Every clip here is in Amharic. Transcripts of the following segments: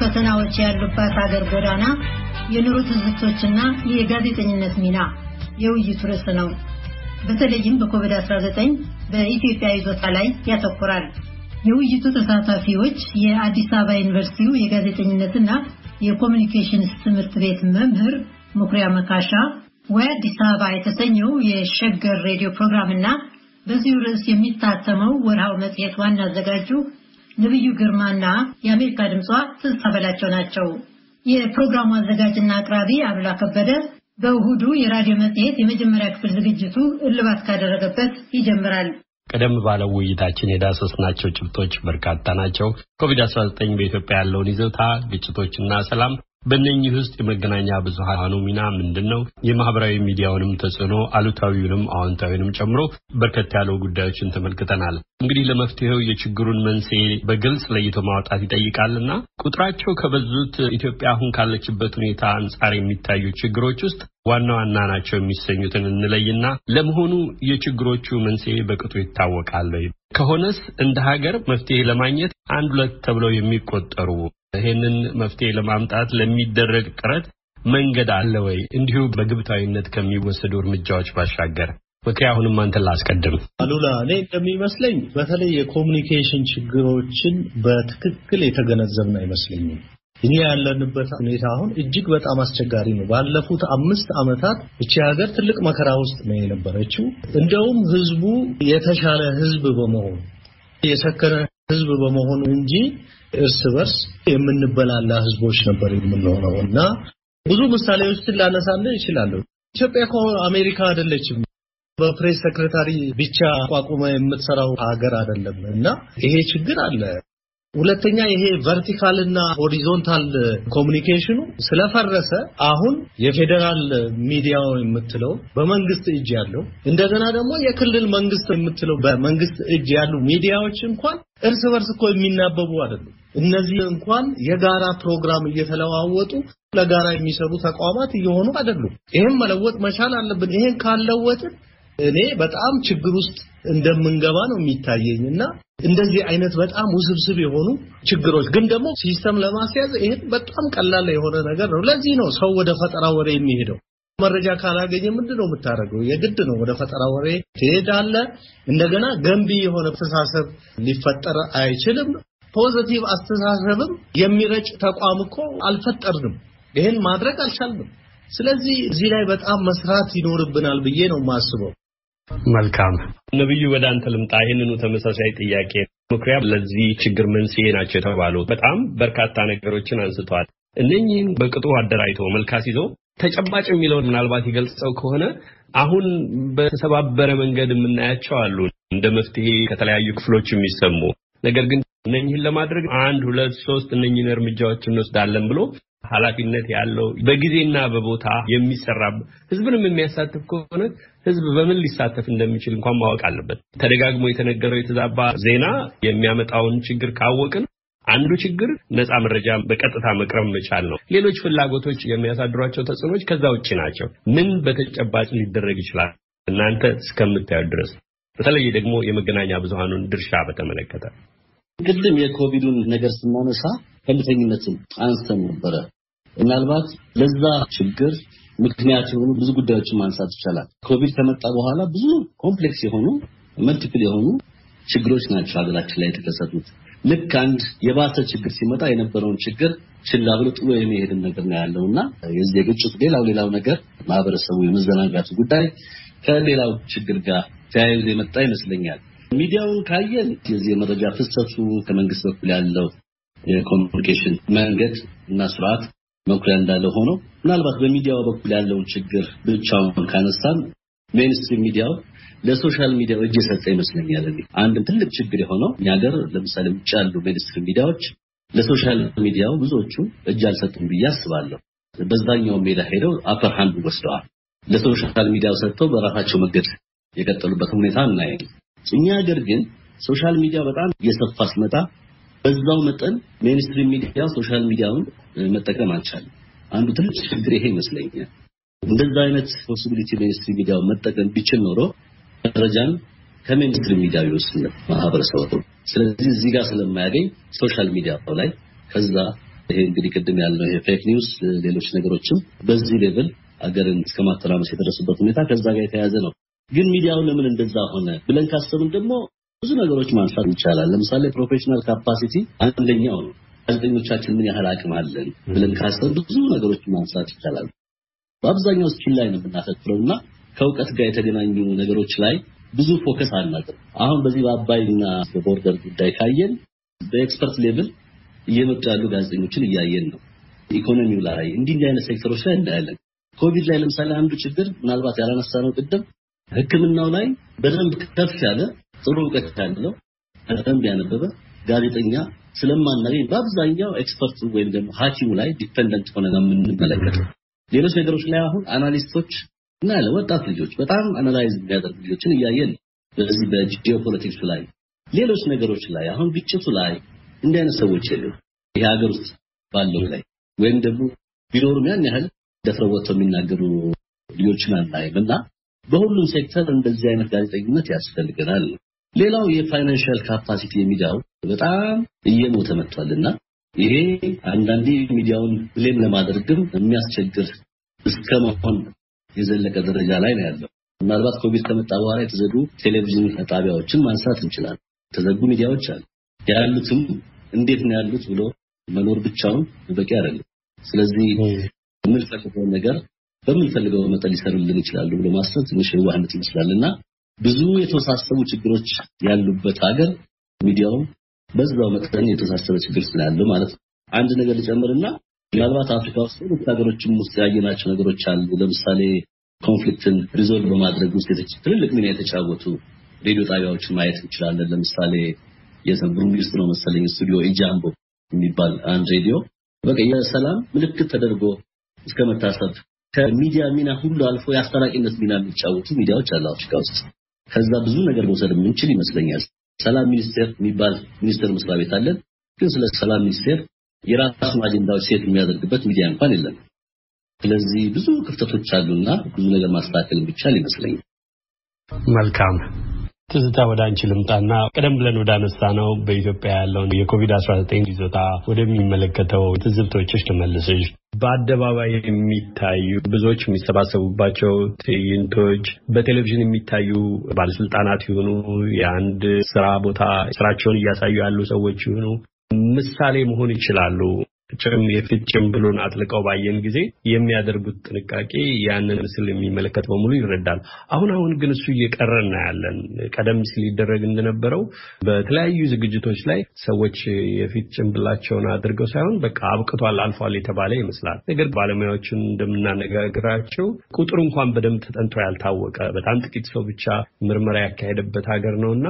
ፈተናዎች ያሉባት አገር ጎዳና፣ የኑሮ ትዝቶችና የጋዜጠኝነት ሚና የውይይቱ ርዕስ ነው። በተለይም በኮቪድ-19 በኢትዮጵያ ይዞታ ላይ ያተኩራል። የውይይቱ ተሳታፊዎች የአዲስ አበባ ዩኒቨርሲቲው የጋዜጠኝነትና የኮሚኒኬሽንስ ትምህርት ቤት መምህር መኩሪያ መካሻ፣ ወይ አዲስ አበባ የተሰኘው የሸገር ሬዲዮ ፕሮግራም እና በዚሁ ርዕስ የሚታተመው ወርሃው መጽሔት ዋና አዘጋጁ ነቢዩ ግርማና የአሜሪካ ድምጿ ትዝታ በላቸው ናቸው። የፕሮግራሙ አዘጋጅና አቅራቢ አሉላ ከበደ በእሁዱ የራዲዮ መጽሔት የመጀመሪያ ክፍል ዝግጅቱ እልባት ካደረገበት ይጀምራል። ቀደም ባለው ውይይታችን የዳሰስናቸው ጭብጦች በርካታ ናቸው። ኮቪድ-19 በኢትዮጵያ ያለውን ይዘታ ግጭቶችና ሰላም በእነኚህ ውስጥ የመገናኛ ብዙሃኑ ሚና ምንድን ነው? የማህበራዊ ሚዲያውንም ተጽዕኖ አሉታዊውንም አዎንታዊንም ጨምሮ በርከት ያሉ ጉዳዮችን ተመልክተናል። እንግዲህ ለመፍትሄው የችግሩን መንስኤ በግልጽ ለይቶ ማውጣት ይጠይቃልና ቁጥራቸው ከበዙት ኢትዮጵያ አሁን ካለችበት ሁኔታ አንጻር የሚታዩ ችግሮች ውስጥ ዋና ዋና ናቸው የሚሰኙትን እንለይና ለመሆኑ የችግሮቹ መንስኤ በቅጡ ይታወቃል ወይ? ከሆነስ እንደ ሀገር መፍትሄ ለማግኘት አንድ ሁለት ተብለው የሚቆጠሩ ይህንን መፍትሄ ለማምጣት ለሚደረግ ጥረት መንገድ አለ ወይ? እንዲሁ በግብታዊነት ከሚወሰዱ እርምጃዎች ባሻገር ምክንያ አሁንም አንተን ላስቀድም። አሉላ፣ እኔ እንደሚመስለኝ በተለይ የኮሚኒኬሽን ችግሮችን በትክክል የተገነዘብን አይመስለኝም። እኛ ያለንበት ሁኔታ አሁን እጅግ በጣም አስቸጋሪ ነው። ባለፉት አምስት ዓመታት እቺ ሀገር ትልቅ መከራ ውስጥ ነው የነበረችው። እንደውም ህዝቡ የተሻለ ህዝብ በመሆኑ የሰከነ ህዝብ በመሆኑ እንጂ እርስ በርስ የምንበላላ ህዝቦች ነበር የምንሆነው እና ብዙ ምሳሌዎችን ላነሳለ ይችላለሁ። ኢትዮጵያ እኮ አሜሪካ አይደለችም። በፕሬስ ሰክሬታሪ ብቻ ቋቁመ የምትሰራው ሀገር አይደለም እና ይሄ ችግር አለ። ሁለተኛ ይሄ ቨርቲካል እና ሆሪዞንታል ኮሚኒኬሽኑ ስለፈረሰ አሁን የፌዴራል ሚዲያው የምትለው በመንግስት እጅ ያለው እንደገና ደግሞ የክልል መንግስት የምትለው በመንግስት እጅ ያሉ ሚዲያዎች እንኳን እርስ በርስ እኮ የሚናበቡ አይደሉም። እነዚህ እንኳን የጋራ ፕሮግራም እየተለዋወጡ ለጋራ የሚሰሩ ተቋማት እየሆኑ አይደሉም። ይህም መለወጥ መቻል አለብን። ይህን ካልለወጥን እኔ በጣም ችግር ውስጥ እንደምንገባ ነው የሚታየኝ እና እንደዚህ አይነት በጣም ውስብስብ የሆኑ ችግሮች ግን ደግሞ ሲስተም ለማስያዝ ይሄን በጣም ቀላል የሆነ ነገር ነው። ለዚህ ነው ሰው ወደ ፈጠራ ወሬ የሚሄደው። መረጃ ካላገኘ ምንድን ነው የምታደርገው? የግድ ነው ወደ ፈጠራ ወሬ ትሄዳለህ። እንደገና ገንቢ የሆነ አስተሳሰብ ሊፈጠር አይችልም። ፖዘቲቭ አስተሳሰብም የሚረጭ ተቋም እኮ አልፈጠርንም። ይህን ማድረግ አልቻልንም። ስለዚህ እዚህ ላይ በጣም መስራት ይኖርብናል ብዬ ነው የማስበው። መልካም ነቢዩ፣ ወደ አንተ ልምጣ። ይህንኑ ተመሳሳይ ጥያቄ ምክንያት ለዚህ ችግር መንስኤ ናቸው የተባሉ በጣም በርካታ ነገሮችን አንስተዋል። እነኚህን በቅጡ አደራጅቶ መልካስ ይዞ ተጨባጭ የሚለውን ምናልባት ይገልጸው ከሆነ አሁን በተሰባበረ መንገድ የምናያቸው አሉ እንደ መፍትሄ ከተለያዩ ክፍሎች የሚሰሙ ነገር ግን እነኚህን ለማድረግ አንድ ሁለት ሶስት እነኝህን እርምጃዎች እንወስዳለን ብሎ ኃላፊነት ያለው በጊዜና በቦታ የሚሰራ ህዝብንም የሚያሳትፍ ከሆነ ህዝብ በምን ሊሳተፍ እንደሚችል እንኳን ማወቅ አለበት። ተደጋግሞ የተነገረው የተዛባ ዜና የሚያመጣውን ችግር ካወቅን አንዱ ችግር ነፃ መረጃ በቀጥታ መቅረብ መቻል ነው። ሌሎች ፍላጎቶች የሚያሳድሯቸው ተጽዕኖች ከዛ ውጭ ናቸው። ምን በተጨባጭ ሊደረግ ይችላል እናንተ እስከምታዩት ድረስ? በተለይ ደግሞ የመገናኛ ብዙሃኑን ድርሻ በተመለከተ ቅድም የኮቪዱን ነገር ስናነሳ ከልተኝነትን አንስተን ነበረ። ምናልባት ለዛ ችግር ምክንያት የሆኑ ብዙ ጉዳዮችን ማንሳት ይቻላል። ኮቪድ ከመጣ በኋላ ብዙ ኮምፕሌክስ የሆኑ መልቲፕል የሆኑ ችግሮች ናቸው ሀገራችን ላይ የተከሰቱት። ልክ አንድ የባሰ ችግር ሲመጣ የነበረውን ችግር ችላ ብሎ ጥሎ የሚሄድን ነገር ነው ያለው እና የዚህ የግጭቱ ሌላው ሌላው ነገር ማህበረሰቡ የመዘናጋቱ ጉዳይ ከሌላው ችግር ጋር ተያይዞ የመጣ ይመስለኛል። ሚዲያውን ካየን የዚህ የመረጃ ፍሰቱ ከመንግስት በኩል ያለው የኮሚኒኬሽን መንገድ እና ስርዓት መኩሪያ እንዳለ ሆኖ ምናልባት በሚዲያው በኩል ያለውን ችግር ብቻውን ካነሳን ሜንስትሪም ሚዲያው ለሶሻል ሚዲያ እጅ የሰጠ ይመስለኛል። አንድ ትልቅ ችግር የሆነው እኛ ሀገር ለምሳሌ ውጭ ያሉ ሜንስትሪም ሚዲያዎች ለሶሻል ሚዲያው ብዙዎቹ እጅ አልሰጡም ብዬ አስባለሁ። በዛኛው ሜዳ ሄደው አፐር ሃንድ ወስደዋል። ለሶሻል ሚዲያው ሰጥተው በራሳቸው መንገድ የቀጠሉበት ሁኔታ እናያል። እኛ ሀገር ግን ሶሻል ሚዲያ በጣም እየሰፋ ሲመጣ በዛው መጠን ሜንስትሪም ሚዲያ ሶሻል ሚዲያውን መጠቀም አልቻለም። አንዱ ትልቅ ችግር ይሄ ይመስለኛል። እንደዛ አይነት ፖሲቢሊቲ ሜንስትሪ ሚዲያው መጠቀም ቢችል ኖሮ መረጃን ከሜንስትሪም ሚዲያ ይወስድ ማህበረሰቡ። ስለዚህ እዚህ ጋር ስለማያገኝ ሶሻል ሚዲያ ላይ ከዛ ይሄ እንግዲህ ቅድም ያለው ይሄ ፌክ ኒውስ፣ ሌሎች ነገሮችም በዚህ ሌቭል አገርን እስከማተራመስ የደረሱበት ሁኔታ ከዛ ጋር የተያያዘ ነው። ግን ሚዲያው ለምን እንደዛ ሆነ ብለን ካሰብን ደግሞ ብዙ ነገሮች ማንሳት ይቻላል። ለምሳሌ ፕሮፌሽናል ካፓሲቲ አንደኛው ነው። ጋዜጠኞቻችን ምን ያህል አቅም አለን ብለን ካሰብ ብዙ ነገሮች ማንሳት ይቻላል። በአብዛኛው ስኪል ላይ ነው የምናተኩረው እና ከእውቀት ጋር የተገናኙ ነገሮች ላይ ብዙ ፎከስ አናቅም። አሁን በዚህ በአባይና በቦርደር ጉዳይ ካየን በኤክስፐርት ሌቭል እየመጡ ያሉ ጋዜጠኞችን እያየን ነው። ኢኮኖሚው ላይ እንዲህ እንዲህ አይነት ሴክተሮች ላይ እናያለን። ኮቪድ ላይ ለምሳሌ አንዱ ችግር ምናልባት ያላነሳ ነው ቅድም ሕክምናው ላይ በደንብ ከፍ ያለ ጥሩ እውቀት ያለው በደንብ ያነበበ ጋዜጠኛ ስለማናገኝ በአብዛኛው ኤክስፐርት ወይም ደግሞ ሐኪሙ ላይ ዲፐንደንት ሆነ ነው የምንመለከተው። ሌሎች ነገሮች ላይ አሁን አናሊስቶች እና ለወጣት ልጆች በጣም አናላይዝ የሚያደርጉ ልጆችን እያየን በዚህ በጂኦፖለቲክሱ ላይ ሌሎች ነገሮች ላይ አሁን ግጭቱ ላይ እንዲህ አይነት ሰዎች የሉ ይሄ ሀገር ውስጥ ባለው ላይ ወይም ደግሞ ቢኖሩም ያን ያህል ደፍረው ወጥተው የሚናገሩ ልጆችን አናይም እና በሁሉም ሴክተር እንደዚህ አይነት ጋዜጠኝነት ያስፈልገናል። ሌላው የፋይናንሻል ካፓሲቲ የሚዲያው በጣም እየሞተ መጥቷልና ይሄ አንዳንዴ ሚዲያውን ብሌም ለማድረግም የሚያስቸግር እስከ መሆን የዘለቀ ደረጃ ላይ ነው ያለው። ምናልባት ኮቪድ ከመጣ በኋላ የተዘጉ ቴሌቪዥን ጣቢያዎችን ማንሳት እንችላለን። የተዘጉ ሚዲያዎች አሉ። ያሉትም እንዴት ነው ያሉት ብሎ መኖር ብቻውን በቂ አይደለም። ስለዚህ የምንፈልገውን ነገር በምንፈልገው መጠን ሊሰሩልን ይችላሉ ብሎ ማሰብ ትንሽ የዋህነት ይመስላል እና ብዙ የተወሳሰቡ ችግሮች ያሉበት ሀገር ሚዲያውም በዛው መጠን የተወሳሰበ ችግር ስላለ ማለት ነው። አንድ ነገር ልጨምርና ምናልባት አፍሪካ ውስጥ ሌሎች ሀገሮችም ውስጥ ያየናቸው ነገሮች አሉ። ለምሳሌ ኮንፍሊክትን ሪዞልቭ በማድረግ ውስጥ ትልልቅ ሚና የተጫወቱ ሬዲዮ ጣቢያዎችን ማየት እንችላለን። ለምሳሌ የቡሩንዲ ውስጥ ነው መሰለኝ ስቱዲዮ ኢጃምቦ የሚባል አንድ ሬዲዮ በቃ የሰላም ምልክት ተደርጎ እስከ መታሰብ ከሚዲያ ሚና ሁሉ አልፎ የአስታራቂነት ሚና የሚጫወቱ ሚዲያዎች አሉ አፍሪካ ውስጥ። ከዛ ብዙ ነገር መውሰድ የምንችል ይመስለኛል። ሰላም ሚኒስቴር የሚባል ሚኒስቴር መስሪያ ቤት አለን፣ ግን ስለ ሰላም ሚኒስቴር የራሱን አጀንዳዎች ሴት የሚያደርግበት ሚዲያ እንኳን የለም። ስለዚህ ብዙ ክፍተቶች አሉና ብዙ ነገር ማስተካከል ቢቻል ይመስለኛል። መልካም ትዝታ ወደ አንቺ ልምጣና ቀደም ብለን ወደ አነሳ ነው በኢትዮጵያ ያለውን የኮቪድ-19 ይዞታ ወደሚመለከተው ትዝብቶችሽ ልመልስሽ። በአደባባይ የሚታዩ ብዙዎች የሚሰባሰቡባቸው ትዕይንቶች፣ በቴሌቪዥን የሚታዩ ባለስልጣናት ይሁኑ የአንድ ስራ ቦታ ስራቸውን እያሳዩ ያሉ ሰዎች ይሁኑ ምሳሌ መሆን ይችላሉ። ጭም የፊት ጭምብሉን አጥልቀው ባየን ጊዜ የሚያደርጉት ጥንቃቄ ያንን ምስል የሚመለከት በሙሉ ይረዳል። አሁን አሁን ግን እሱ እየቀረ እናያለን። ቀደም ሲል ይደረግ እንደነበረው በተለያዩ ዝግጅቶች ላይ ሰዎች የፊት ጭንብላቸውን አድርገው ሳይሆን በቃ አብቅቷል፣ አልፏል የተባለ ይመስላል። ነገር ባለሙያዎችን እንደምናነጋግራቸው ቁጥሩ እንኳን በደንብ ተጠንቶ ያልታወቀ በጣም ጥቂት ሰው ብቻ ምርመራ ያካሄደበት ሀገር ነው እና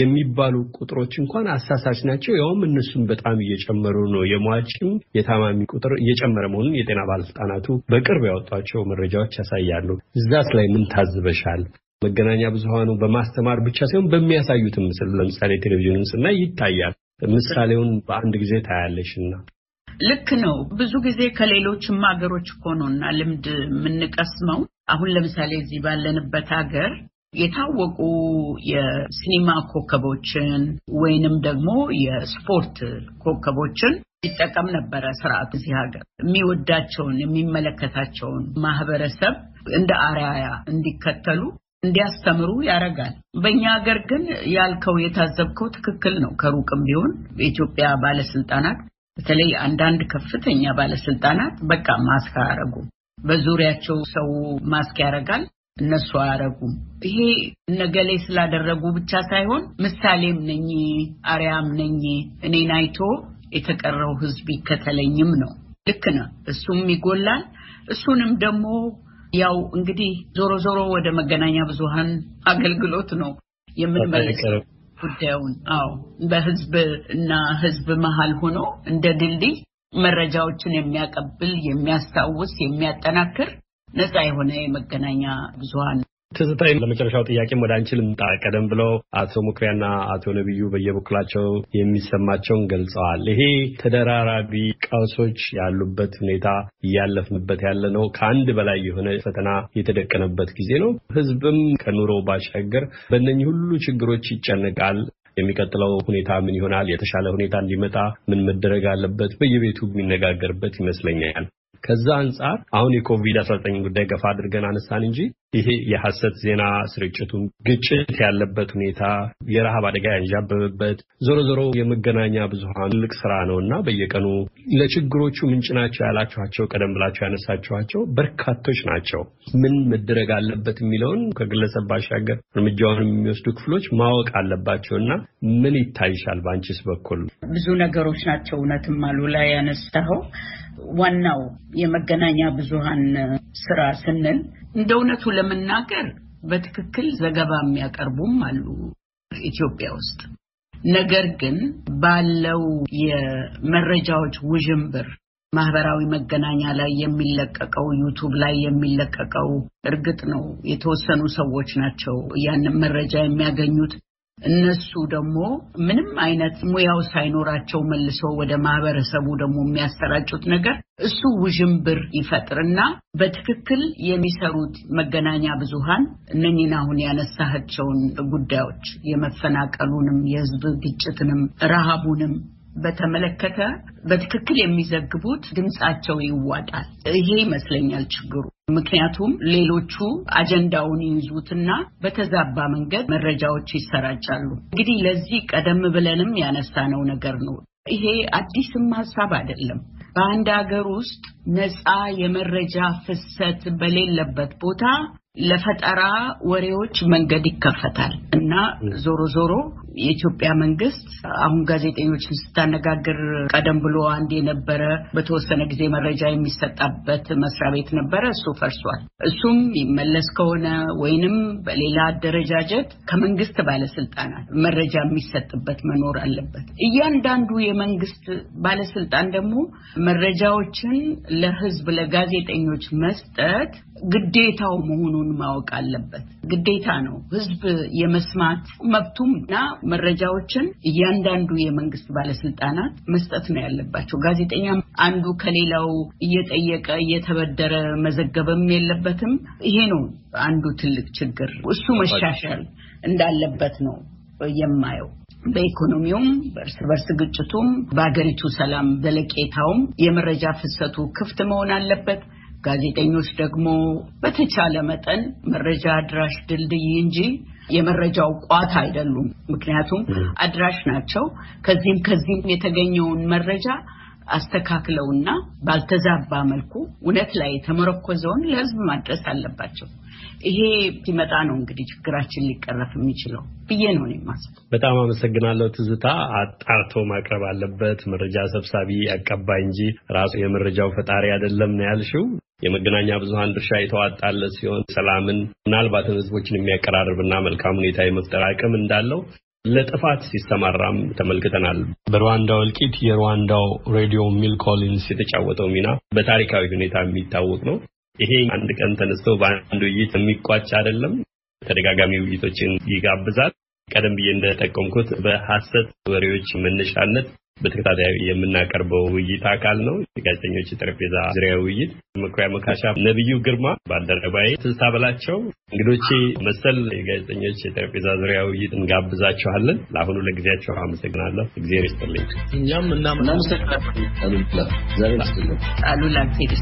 የሚባሉ ቁጥሮች እንኳን አሳሳች ናቸው። ያውም እነሱም በጣም እየጨመሩ ነው የሟችም መሆኑን፣ የታማሚ ቁጥር እየጨመረ መሆኑን የጤና ባለስልጣናቱ በቅርብ ያወጧቸው መረጃዎች ያሳያሉ። እዛስ ላይ ምን ታዝበሻል? መገናኛ ብዙሃኑ በማስተማር ብቻ ሳይሆን በሚያሳዩት ምስል ለምሳሌ ቴሌቪዥንን ስናይ ይታያል። ምሳሌውን በአንድ ጊዜ ታያለሽና ልክ ነው። ብዙ ጊዜ ከሌሎችም ሀገሮች እኮ ነው እና ልምድ የምንቀስመው። አሁን ለምሳሌ እዚህ ባለንበት ሀገር የታወቁ የሲኒማ ኮከቦችን ወይንም ደግሞ የስፖርት ኮከቦችን ይጠቀም ነበረ ስርዓቱ። እዚህ ሀገር የሚወዳቸውን የሚመለከታቸውን ማህበረሰብ እንደ አርያያ እንዲከተሉ እንዲያስተምሩ ያደርጋል። በእኛ ሀገር ግን ያልከው የታዘብከው ትክክል ነው። ከሩቅም ቢሆን የኢትዮጵያ ባለስልጣናት በተለይ አንዳንድ ከፍተኛ ባለስልጣናት በቃ ማስክ አያረጉም። በዙሪያቸው ሰው ማስክ ያደርጋል፣ እነሱ አያረጉም። ይሄ ነገሌ ስላደረጉ ብቻ ሳይሆን ምሳሌም ነኝ አርያም ነኝ እኔን አይቶ የተቀረው ህዝብ ይከተለኝም ነው። ልክ ነህ። እሱም ይጎላል። እሱንም ደግሞ ያው እንግዲህ ዞሮ ዞሮ ወደ መገናኛ ብዙሃን አገልግሎት ነው የምንመለስ ጉዳዩን። አዎ በህዝብ እና ህዝብ መሀል ሆኖ እንደ ድልድይ መረጃዎችን የሚያቀብል፣ የሚያስታውስ፣ የሚያጠናክር ነፃ የሆነ የመገናኛ ብዙኃን ትዝታይ፣ ለመጨረሻው ጥያቄም ወደ አንቺ ልምጣ። ቀደም ብለው አቶ ሙክሪያና አቶ ነቢዩ በየበኩላቸው የሚሰማቸውን ገልጸዋል። ይሄ ተደራራቢ ቀውሶች ያሉበት ሁኔታ እያለፍንበት ያለ ነው። ከአንድ በላይ የሆነ ፈተና የተደቀነበት ጊዜ ነው። ህዝብም ከኑሮ ባሻገር በእነኚህ ሁሉ ችግሮች ይጨነቃል። የሚቀጥለው ሁኔታ ምን ይሆናል? የተሻለ ሁኔታ እንዲመጣ ምን መደረግ አለበት? በየቤቱ የሚነጋገርበት ይመስለኛል። ከዛ አንጻር አሁን የኮቪድ-19 ጉዳይ ገፋ አድርገን አነሳን እንጂ ይሄ የሐሰት ዜና ስርጭቱን፣ ግጭት ያለበት ሁኔታ፣ የረሃብ አደጋ ያንዣበበበት ዞሮ ዞሮ የመገናኛ ብዙሃን ትልቅ ስራ ነው እና በየቀኑ ለችግሮቹ ምንጭ ናቸው ያላችኋቸው ቀደም ብላቸው ያነሳችኋቸው በርካቶች ናቸው። ምን መደረግ አለበት የሚለውን ከግለሰብ ባሻገር እርምጃውን የሚወስዱ ክፍሎች ማወቅ አለባቸው እና ምን ይታይሻል በአንቺስ በኩል? ብዙ ነገሮች ናቸው እውነትም አሉ ላይ ያነሳኸው ዋናው የመገናኛ ብዙሃን ስራ ስንል እንደ እውነቱ ለመናገር በትክክል ዘገባ የሚያቀርቡም አሉ ኢትዮጵያ ውስጥ። ነገር ግን ባለው የመረጃዎች ውዥንብር ማህበራዊ መገናኛ ላይ የሚለቀቀው ዩቱብ ላይ የሚለቀቀው እርግጥ ነው የተወሰኑ ሰዎች ናቸው ያንን መረጃ የሚያገኙት። እነሱ ደግሞ ምንም አይነት ሙያው ሳይኖራቸው መልሰው ወደ ማህበረሰቡ ደግሞ የሚያሰራጩት ነገር እሱ ውዥንብር ይፈጥርና በትክክል የሚሰሩት መገናኛ ብዙሃን እነኚህን አሁን ያነሳቸውን ጉዳዮች የመፈናቀሉንም፣ የህዝብ ግጭትንም፣ ረሃቡንም በተመለከተ በትክክል የሚዘግቡት ድምፃቸው ይዋጣል። ይሄ ይመስለኛል ችግሩ። ምክንያቱም ሌሎቹ አጀንዳውን ይይዙትና በተዛባ መንገድ መረጃዎች ይሰራጫሉ። እንግዲህ ለዚህ ቀደም ብለንም ያነሳነው ነገር ነው። ይሄ አዲስም ሀሳብ አይደለም። በአንድ ሀገር ውስጥ ነፃ የመረጃ ፍሰት በሌለበት ቦታ ለፈጠራ ወሬዎች መንገድ ይከፈታል እና ዞሮ ዞሮ የኢትዮጵያ መንግስት አሁን ጋዜጠኞችን ስታነጋግር ቀደም ብሎ አንድ የነበረ በተወሰነ ጊዜ መረጃ የሚሰጣበት መስሪያ ቤት ነበረ። እሱ ፈርሷል። እሱም ይመለስ ከሆነ ወይንም በሌላ አደረጃጀት ከመንግስት ባለስልጣናት መረጃ የሚሰጥበት መኖር አለበት። እያንዳንዱ የመንግስት ባለስልጣን ደግሞ መረጃዎችን ለህዝብ ለጋዜጠኞች መስጠት ግዴታው መሆኑን ማወቅ አለበት። ግዴታ ነው። ህዝብ የመስማት መብቱም እና መረጃዎችን እያንዳንዱ የመንግስት ባለስልጣናት መስጠት ነው ያለባቸው። ጋዜጠኛም አንዱ ከሌላው እየጠየቀ እየተበደረ መዘገብም የለበትም። ይሄ ነው አንዱ ትልቅ ችግር። እሱ መሻሻል እንዳለበት ነው የማየው። በኢኮኖሚውም በእርስ በርስ ግጭቱም በሀገሪቱ ሰላም ዘለቄታውም የመረጃ ፍሰቱ ክፍት መሆን አለበት። ጋዜጠኞች ደግሞ በተቻለ መጠን መረጃ አድራሽ ድልድይ እንጂ የመረጃው ቋት አይደሉም። ምክንያቱም አድራሽ ናቸው። ከዚህም ከዚህም የተገኘውን መረጃ አስተካክለውና ባልተዛባ መልኩ እውነት ላይ የተመረኮዘውን ለሕዝብ ማድረስ አለባቸው። ይሄ ሲመጣ ነው እንግዲህ ችግራችን ሊቀረፍ የሚችለው ብዬ ነው የማስበው። በጣም አመሰግናለሁ ትዝታ። አጣርቶ ማቅረብ አለበት መረጃ ሰብሳቢ አቀባይ እንጂ ራሱ የመረጃው ፈጣሪ አይደለም ነው ያልሽው። የመገናኛ ብዙሃን ድርሻ የተዋጣለት ሲሆን ሰላምን ምናልባትም ህዝቦችን የሚያቀራርብና መልካም ሁኔታ የመፍጠር አቅም እንዳለው ለጥፋት ሲሰማራም ተመልክተናል። በሩዋንዳ እልቂት የሩዋንዳው ሬዲዮ ሚል ኮሊንስ የተጫወተው ሚና በታሪካዊ ሁኔታ የሚታወቅ ነው። ይሄ አንድ ቀን ተነስቶ በአንድ ውይይት የሚቋጭ አይደለም። ተደጋጋሚ ውይይቶችን ይጋብዛል። ቀደም ብዬ እንደጠቀምኩት በሐሰት ወሬዎች መነሻነት በተከታታይ የምናቀርበው ውይይት አካል ነው። የጋዜጠኞች የጠረጴዛ ዙሪያ ውይይት መኩሪያ መካሻ፣ ነቢዩ ግርማ፣ ባልደረባዬ ትዝታ በላቸው እንግዶቼ መሰል የጋዜጠኞች የጠረጴዛ ዙሪያ ውይይት እንጋብዛችኋለን። ለአሁኑ ለጊዜያቸው አመሰግናለሁ። እግዜር ይስጥልኝ። እኛም እናመሰግናለን አሉላ ጊዜ